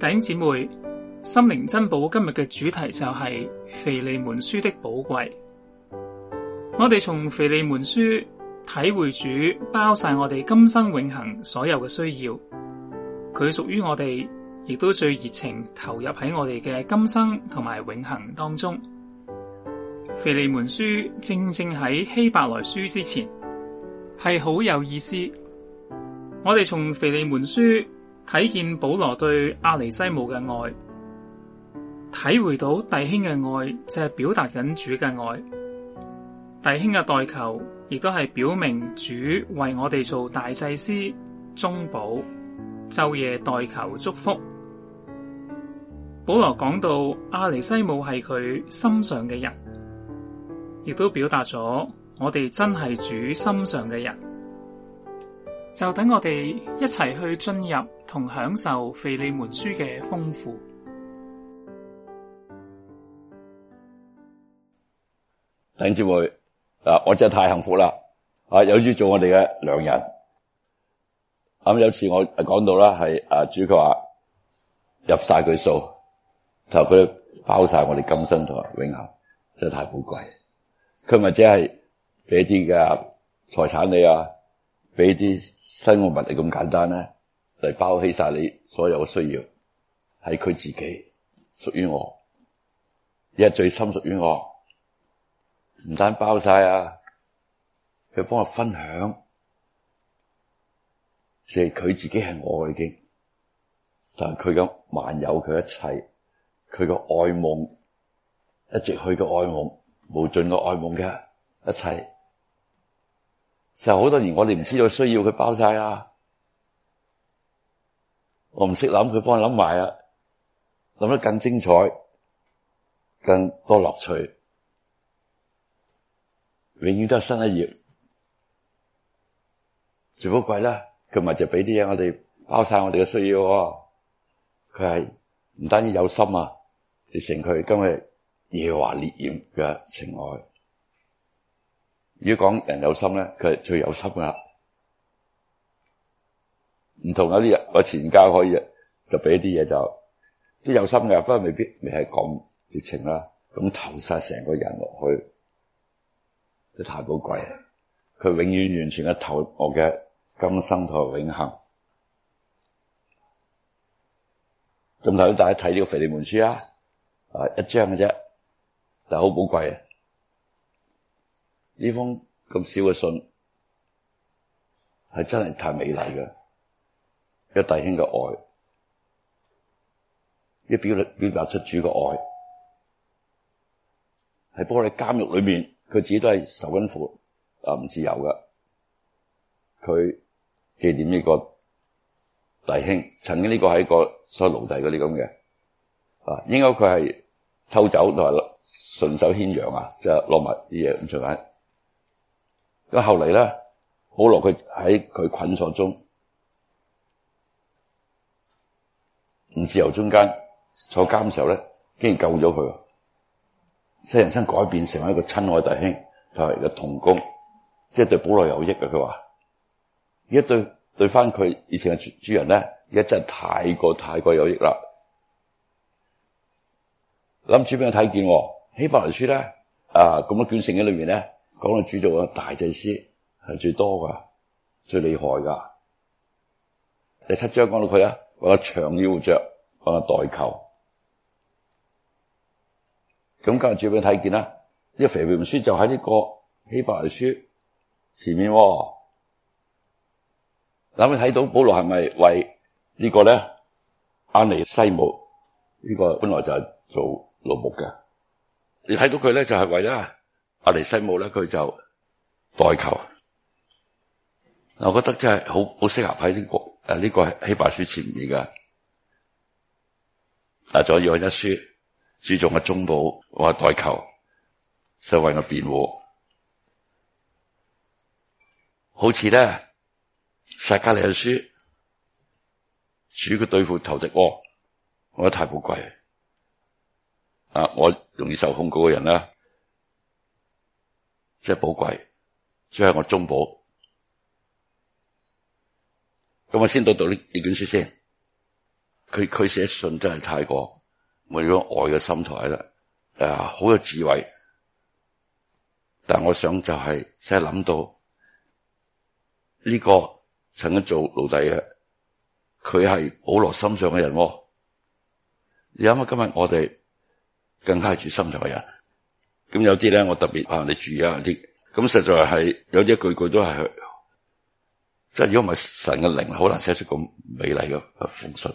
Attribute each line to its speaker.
Speaker 1: 弟兄姐妹，心靈珍寶今日嘅主題就係、是、腓利門書的寶貴。我哋從腓利門書體會主包晒我哋今生永恒所有嘅需要，佢屬於我哋，亦都最熱情投入喺我哋嘅今生同埋永恒當中。腓利門書正正喺希伯來書之前，係好有意思。我哋從腓利門書。睇見保羅對阿尼西母嘅愛，體會到弟兄嘅愛就係表達緊主嘅愛，弟兄嘅代求亦都係表明主為我哋做大祭司、中保、晝夜代求祝福。保羅講到阿尼西母係佢心上嘅人，亦都表達咗我哋真係主心上嘅人，就等我哋一齊去進入。同享受《腓利門書》嘅豐富。
Speaker 2: 林志偉啊，我真係太幸福啦！啊，有住做我哋嘅良人。咁有次我講到啦，係啊，主佢話入晒佢數，就佢包晒我哋今生同埋永後，真係太寶貴。佢咪者係俾啲嘅財產給你啊，俾啲生活物質咁簡單咧。嚟包起晒你所有嘅需要，係佢自己屬於我，而係最深屬於我。唔單包晒啊，佢幫我分享，其實佢自己係我嘅。但係佢嘅萬有佢一切，佢個愛夢一直去嘅愛夢，無盡嘅愛夢嘅一切，就好、是、多年我哋唔知道佢需要佢包晒啊。我唔識諗，佢幫我諗埋啊，諗得更精彩，更多樂趣，永遠都係新一頁，最好貴啦。佢咪就俾啲嘢我哋包晒我哋嘅需要喎。佢係唔單止有心啊，直情佢今日夜華烈焰嘅情愛。如果講人有心咧，佢係最有心噶。唔同有啲人，我前教可以就俾啲嘢就，啲有心嘅，不過未必未係講直情啦。咁投晒成個人落去，都太寶貴。佢永遠完全嘅投我嘅今生同永恆。咁頭先大家睇呢個《腓利門書》啊，啊一張嘅啫，但係好寶貴啊！呢封咁少嘅信，係真係太美麗嘅。一弟兄嘅愛，一表表達出主嘅愛，係幫我喺監獄裏面，佢自己都係受緊苦，啊唔自由嘅。佢紀念呢個弟兄，曾經呢個係一個所謂奴隸嗰啲咁嘅，啊應該佢係偷走同埋順手牽羊啊，就攞埋啲嘢咁隨翻。咁後嚟咧，保羅佢喺佢捆鎖中。自由中間坐監嘅時候咧，竟然救咗佢，即係人生改變成為一個親愛弟兄，就係、是、個童工，即係對保羅有益嘅。佢話而家對對翻佢以前嘅主人人咧，而家真係太過太過有益啦。諗住俾我睇見，希伯來書咧，啊咁樣卷成嘅裏面咧，講到主做嘅大祭司係最多噶，最厲害噶。第七章講到佢啊，為咗長要着。代求，咁今日主要點睇見啦？呢、這個腓利門書就喺呢個希伯來書前面、哦，諗你睇到保羅係咪為個呢個咧？阿尼西母呢、這個本來就係做勞碌嘅，你睇到佢咧就係為啦阿尼西母咧，佢就代求。我覺得真係好好適合喺呢個誒呢個希伯來書前面嘅再要一書注重個中保，我係代求，所為嘅辯護。好似咧，撒迦利嘅書，主佢對付仇敵，我，我覺得太寶貴。啊，我容易受控告嘅人咧，真係寶貴，即係我中保。咁我先讀讀呢呢卷書先。佢佢寫信真係太過，冇咗愛嘅心態啦，好、呃、有智慧，但係我想就係先諗到呢、這個曾經做奴隸嘅，佢係保羅心上嘅人。啊、你諗下今日我哋更加係住心上嘅人，咁有啲咧，我特別啊，你注意啲，咁實在係有啲句句都係，即係如果唔係神嘅靈，好難寫出咁美麗嘅封信。